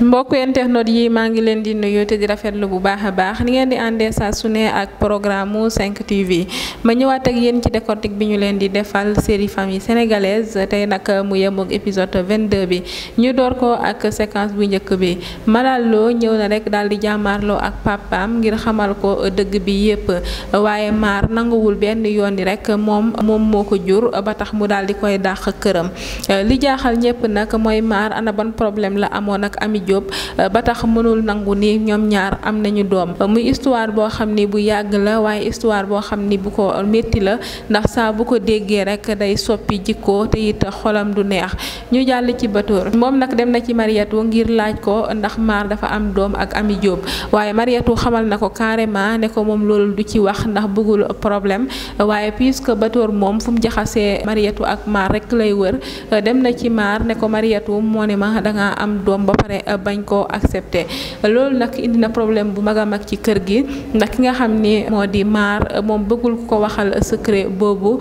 mbokku internet yi maa ngi leen di nuyu te di rafetlu bu baax a baax ni ngeen di àndee sa su ne ak programme mu 5 TV ma ñëwaat ak yéen ci décortique bi ñu leen di defal série famille sénégalaise tey nag mu yemoog épisode 22 bi ñu door ko ak séquence bu njëkk bi Malal Lo ñëw na rek daal di jàmmaarloo ak papaam ngir xamal ko dëgg bi yépp waaye maar nanguwul benn yoon yi rek moom moom moo ko jur ba tax mu daal di koy dàq këram li jaaxal ñëpp nag la amoon ak ami Diop euh, ba tax mënul nangu ni ñoom ñaar am nañu doom muy histoire boo xam ni bu yàgg la waaye histoire boo xam ni bu ko métti la ndax saa bu ko déggee rek day soppi jikko te it xolam du neex ñu jàll ci Batoor moom nag dem na ci Mariatu ngir laaj ko ndax maar dafa am doom ak Ami Diop waaye Mariatu xamal na ko carrément ne ko moom loolu du ci wax ndax bëggul problème waaye puisque Batoor moom fu mu jaxasee Mariatu ak maar rek lay wër dem na ci maar ne ko bañ koo accepté loolu nag indi na problème bu mag a mag ci kër gi ndax ki nga xam ni moo di maar moom bëggul ko waxal secret boobu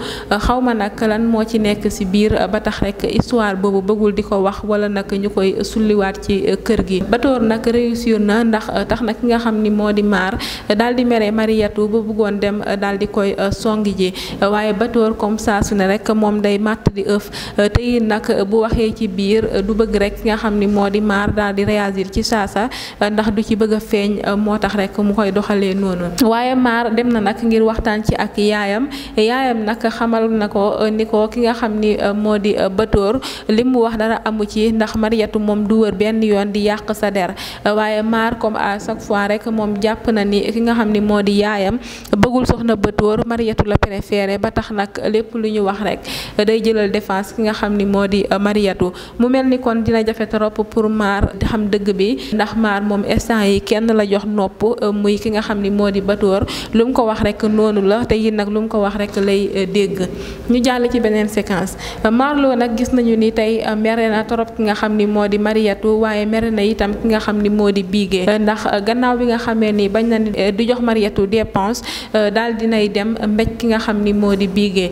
xaw ma nag lan moo ci nekk si biir ba tax rek histoire boobu bëggul di ko wax wala nag ñu koy sulliwaat ci kër gi batoor nag réussir na ndax tax nag ki nga xam ni moo di maar daal di mere mariyatu ba bëggoon dem daal di koy songi ji waaye batoor comme saa su ne rek moom day màtt di ëf te nag bu waxee ci biir du bëgg rek ki réagir ci saasa ndax du ci bëgg feeñ moo tax rek mu koy doxalee noonu waaye maar dem na nag ngir waxtaan ci ak yaayam yaayam nag xamal na ko ni ko ki nga xam ni moo di batóor li mu wax dara amu ci ndax Mariatu moom du wër benn yoon di yàq sa der waaye maar comme à chaque fois rek moom jàpp na ni ki nga xam ni moo di yaayam bëggul soxna batóor Mariatu la préféré ba tax nag lépp lu ñu wax rek day jëlal défense ki nga xam ni moo di Mariatu mu mel ni kon dina jafe trop pour maar xam dëgg bi ndax maar moom instant yi kenn la jox nopp euh, ki nga xam ni moo di Batoor lu mu ko wax rek noonu la te yéen nag lu mu ko wax rek lay euh, dégg ñu jàll ci beneen séquence Marlo nag gis nañu ni tey euh, mere na torop ki nga xam ni moo di Mariatu waaye mere na itam ki nga xam ni moo di Bigé ndax gannaaw bi nga xamee ni bañ na di jox Mariatu dépense daal dinay dem mbéj ki nga xam ni moo di Bigé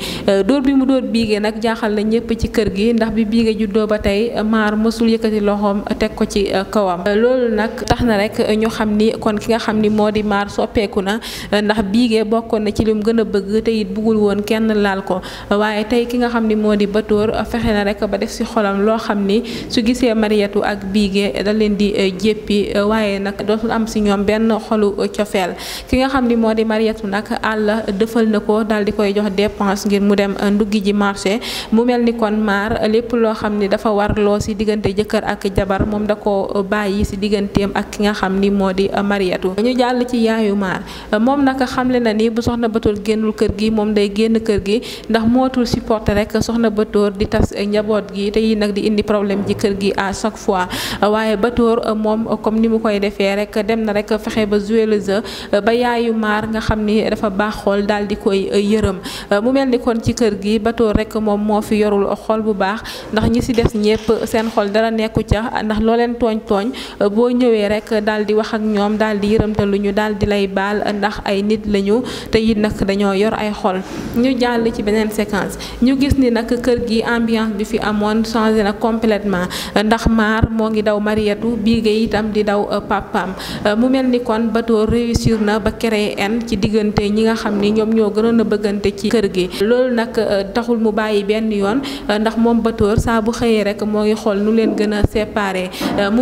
dóor bi mu dóor Bigé nag jaaxal na ñëpp ci kër gi ndax bi Bigé juddoo ba tey maar mësul yëkkati loxoom teg ko ci kawam loolu nag tax na rek ñu xam ni kon ki nga xam ni moo di maar soppeeku na ndax biige bokkoon na ci li mu gën a bëgg te bëggul woon kenn laal ko waaye tey ki nga xam ni moo di batóor fexe na rek ba def si xolam loo xam ni su gisee Mariétu ak biige da leen di eh, jéppi eh, waaye nag dootul am si ñoom benn xolu eh, cofeel ki nga xam ni moo di Mariétu nag àll dëfal na ko daal di koy jox dépense ngir mu dem nduggi ji marché mu mel ni kon maar lépp loo xam ni dafa war loo si diggante jëkkër ak jabar moom da ko ko bàyyi si digganteem ak ki nga xam ni moo di Mariatu ñu jàll ci yaayu maar moom naka xamle na ni bu soxna Batoor génnul kër gi moom day génn kër gi ndax mootul supporter rek soxna Batoor di tas njaboot gi te yi nag di indi problème ji kër gi à chaque fois waaye Batoor moom comme ni mu koy defee rek dem na rek fexe ba jouer le jeu ba maar nga xam ni dafa baax xool daal di koy yërëm mu mel ni ci kër gi Batoor rek moom moo fi yorul xol bu baax ndax ñi si des ñëpp seen xol dara nekku ca ndax loo tooñ tooñ euh, boo ñëwee rek daal di wax ak ñoom daal di yërëmtalu ñu daal di lay baal ndax ay nit lañu te it nag dañoo yor ay xol ñu jàll ci beneen séquence ñu gis ni nag kër gi ambiance bi fi amoon changé na completement ndax maar moo ngi daw Mariétou Bigué itam di daw euh, papam euh, mu mel ni kon Bator réussir na ba kere en ci diggante ñi nga xam ni ñoom ñoo gënoon a bëggante ci kër gi loolu nag taxul mu bàyyi benn yoon ndax moom Bator saa xëyee rek moo ngi xool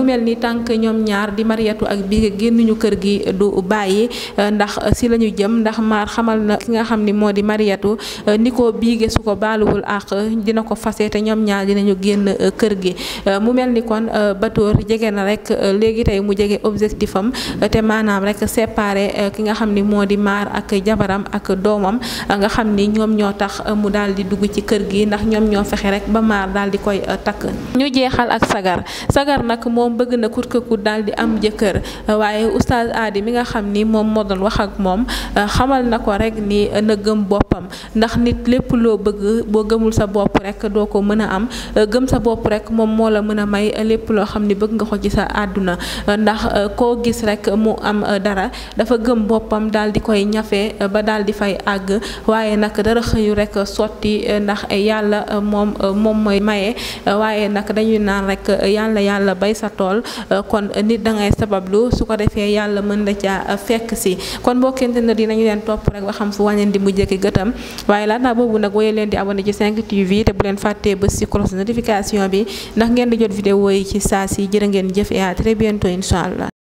mel ni tànk ñoom ñaar di Mariatu ak Bigue génnuñu kër gi du bàyyi euh, ndax euh, si la ñu jëm ndax maar xamal na ki nga xam ni moo di Mariatu euh, ni ko Bigue su ko baaluwul àq dina ko fase te ñoom ñaar dinañu génn kër gi mu mel ni kon Batoor jege na rek léegi tey mu jege objectif am te maanaam rek séparé ki nga xam ni moo di maar ak jabaram ak doomam nga xam ni ñoom ñoo tax mu daal di dugg ci kër gi ndax ñoom ñoo fexe rek ba maar daal di koy takk ñu jeexal ak sagar sagar nag moo moom bëgg na kut këkut daal di am jëkkër waaye oustaz aadi mi nga xam ni moom moo doon wax ak moom xamal na ko rek ni na gëm boppam ndax nit lépp loo bëgg boo gëmul sa bopp rek doo ko mën a am gëm sa bopp rek moom moo la mën a may lépp loo xam ni bëgg nga ko ci sa àdduna ndax koo gis rek mu am dara dafa gëm boppam daal di koy ñafe ba daal di fay àgg waaye nag dara xëyul rek sotti ndax yàlla moom moom mooy maye waaye nag dañuy naan rek yàlla yàlla bay sa tool euh, kon nit da ngay sabablu su ko defee yàlla mën na caa euh, fekk si kon mbokkente na dinañu leen topp rek ba xam fu wàññeen di mujjee ki gëtam waaye laata boobu nag woye leen di abonné ci 5TV te bu leen fàttee bës ci cloche notification bi ndax ngeen di jot vidéo yi ci saa si jërë ngeen jëf et à très bientôt incha allah